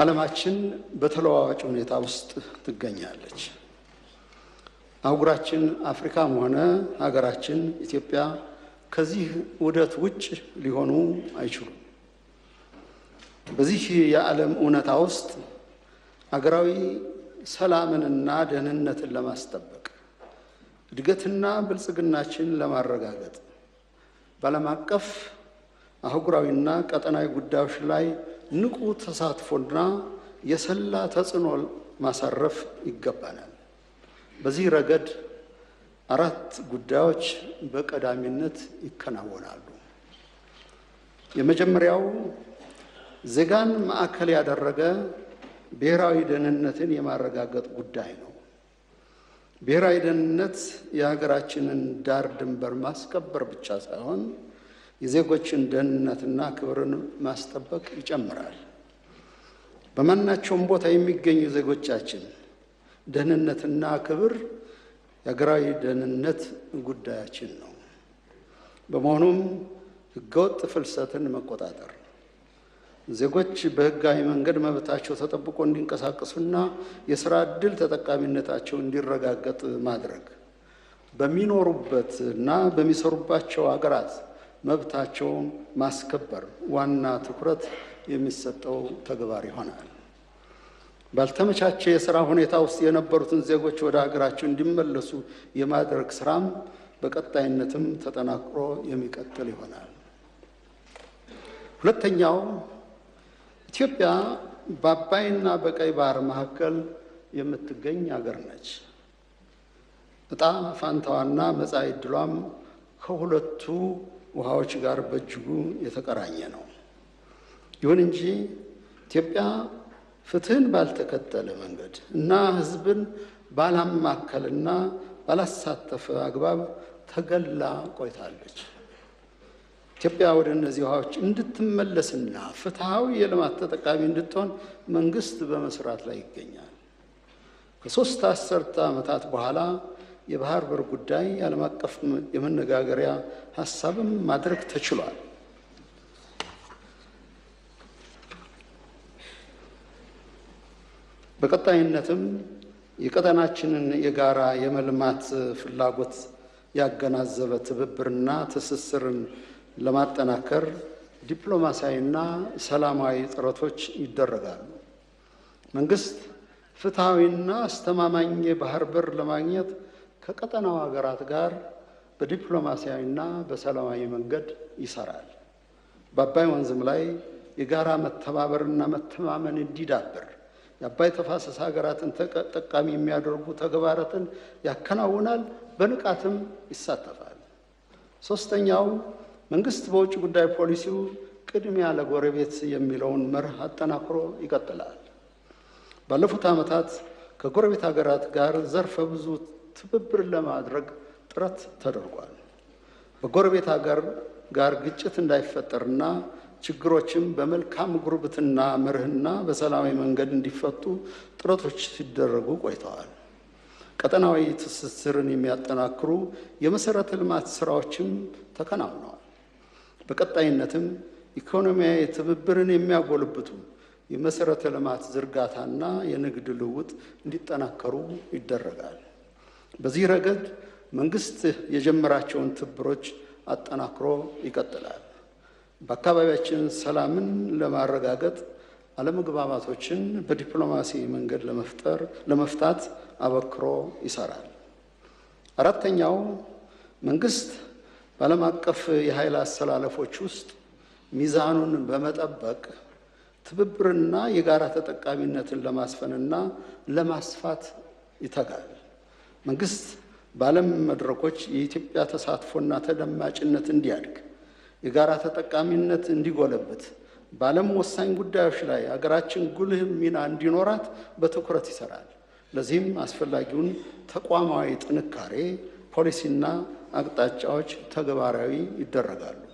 ዓለማችን በተለዋዋጭ ሁኔታ ውስጥ ትገኛለች። አህጉራችን አፍሪካም ሆነ ሀገራችን ኢትዮጵያ ከዚህ ውደት ውጭ ሊሆኑ አይችሉም። በዚህ የዓለም እውነታ ውስጥ ሀገራዊ ሰላምንና ደህንነትን ለማስጠበቅ እድገትና ብልጽግናችን ለማረጋገጥ በዓለም አቀፍ አህጉራዊና ቀጠናዊ ጉዳዮች ላይ ንቁ ተሳትፎና የሰላ ተጽዕኖ ማሳረፍ ይገባናል። በዚህ ረገድ አራት ጉዳዮች በቀዳሚነት ይከናወናሉ። የመጀመሪያው ዜጋን ማዕከል ያደረገ ብሔራዊ ደህንነትን የማረጋገጥ ጉዳይ ነው። ብሔራዊ ደህንነት የሀገራችንን ዳር ድንበር ማስከበር ብቻ ሳይሆን የዜጎችን ደህንነትና ክብርን ማስጠበቅ ይጨምራል። በማናቸውም ቦታ የሚገኙ ዜጎቻችን ደህንነትና ክብር የሀገራዊ ደህንነት ጉዳያችን ነው። በመሆኑም ህገወጥ ፍልሰትን መቆጣጠር ዜጎች በህጋዊ መንገድ መብታቸው ተጠብቆ እንዲንቀሳቀሱና የስራ ዕድል ተጠቃሚነታቸው እንዲረጋገጥ ማድረግ በሚኖሩበት እና በሚሰሩባቸው አገራት መብታቸውን ማስከበር ዋና ትኩረት የሚሰጠው ተግባር ይሆናል። ባልተመቻቸ የሥራ ሁኔታ ውስጥ የነበሩትን ዜጎች ወደ ሀገራቸው እንዲመለሱ የማድረግ ሥራም በቀጣይነትም ተጠናክሮ የሚቀጥል ይሆናል። ሁለተኛው ኢትዮጵያ በአባይና በቀይ ባህር መካከል የምትገኝ አገር ነች። እጣ ፋንታዋና መጻኢ ዕድሏም ከሁለቱ ውሃዎች ጋር በእጅጉ የተቀራኘ ነው። ይሁን እንጂ ኢትዮጵያ ፍትህን ባልተከተለ መንገድ እና ህዝብን ባላማከልና ባላሳተፈ አግባብ ተገላ ቆይታለች። ኢትዮጵያ ወደ እነዚህ ውሃዎች እንድትመለስና ፍትሐዊ የልማት ተጠቃሚ እንድትሆን መንግስት በመስራት ላይ ይገኛል። ከሶስት አስርተ ዓመታት በኋላ የባህር በር ጉዳይ ዓለም አቀፍ የመነጋገሪያ ሀሳብም ማድረግ ተችሏል። በቀጣይነትም የቀጠናችንን የጋራ የመልማት ፍላጎት ያገናዘበ ትብብርና ትስስርን ለማጠናከር ዲፕሎማሲያዊና ሰላማዊ ጥረቶች ይደረጋሉ። መንግስት ፍትሐዊና አስተማማኝ የባህር በር ለማግኘት ከቀጠናው ሀገራት ጋር በዲፕሎማሲያዊና በሰላማዊ መንገድ ይሰራል። በአባይ ወንዝም ላይ የጋራ መተባበርና መተማመን እንዲዳብር የአባይ ተፋሰስ ሀገራትን ተጠቃሚ የሚያደርጉ ተግባራትን ያከናውናል፣ በንቃትም ይሳተፋል። ሶስተኛው መንግስት በውጭ ጉዳይ ፖሊሲው ቅድሚያ ለጎረቤት የሚለውን መርህ አጠናክሮ ይቀጥላል። ባለፉት ዓመታት ከጎረቤት ሀገራት ጋር ዘርፈ ብዙ ትብብር ለማድረግ ጥረት ተደርጓል። በጎረቤት ሀገር ጋር ግጭት እንዳይፈጠርና ችግሮችም በመልካም ጉርብትና መርህና በሰላማዊ መንገድ እንዲፈቱ ጥረቶች ሲደረጉ ቆይተዋል። ቀጠናዊ ትስስርን የሚያጠናክሩ የመሰረተ ልማት ስራዎችም ተከናውነዋል። በቀጣይነትም ኢኮኖሚያዊ ትብብርን የሚያጎልብቱ የመሰረተ ልማት ዝርጋታና የንግድ ልውውጥ እንዲጠናከሩ ይደረጋል። በዚህ ረገድ መንግስት የጀመራቸውን ትብብሮች አጠናክሮ ይቀጥላል። በአካባቢያችን ሰላምን ለማረጋገጥ አለመግባባቶችን በዲፕሎማሲ መንገድ ለመፍጠር ለመፍታት አበክሮ ይሰራል። አራተኛው መንግስት በዓለም አቀፍ የኃይል አሰላለፎች ውስጥ ሚዛኑን በመጠበቅ ትብብርና የጋራ ተጠቃሚነትን ለማስፈንና ለማስፋት ይተጋል። መንግስት በዓለም መድረኮች የኢትዮጵያ ተሳትፎና ተደማጭነት እንዲያድግ፣ የጋራ ተጠቃሚነት እንዲጎለበት በዓለም ወሳኝ ጉዳዮች ላይ አገራችን ጉልህ ሚና እንዲኖራት በትኩረት ይሰራል። ለዚህም አስፈላጊውን ተቋማዊ ጥንካሬ፣ ፖሊሲና አቅጣጫዎች ተግባራዊ ይደረጋሉ።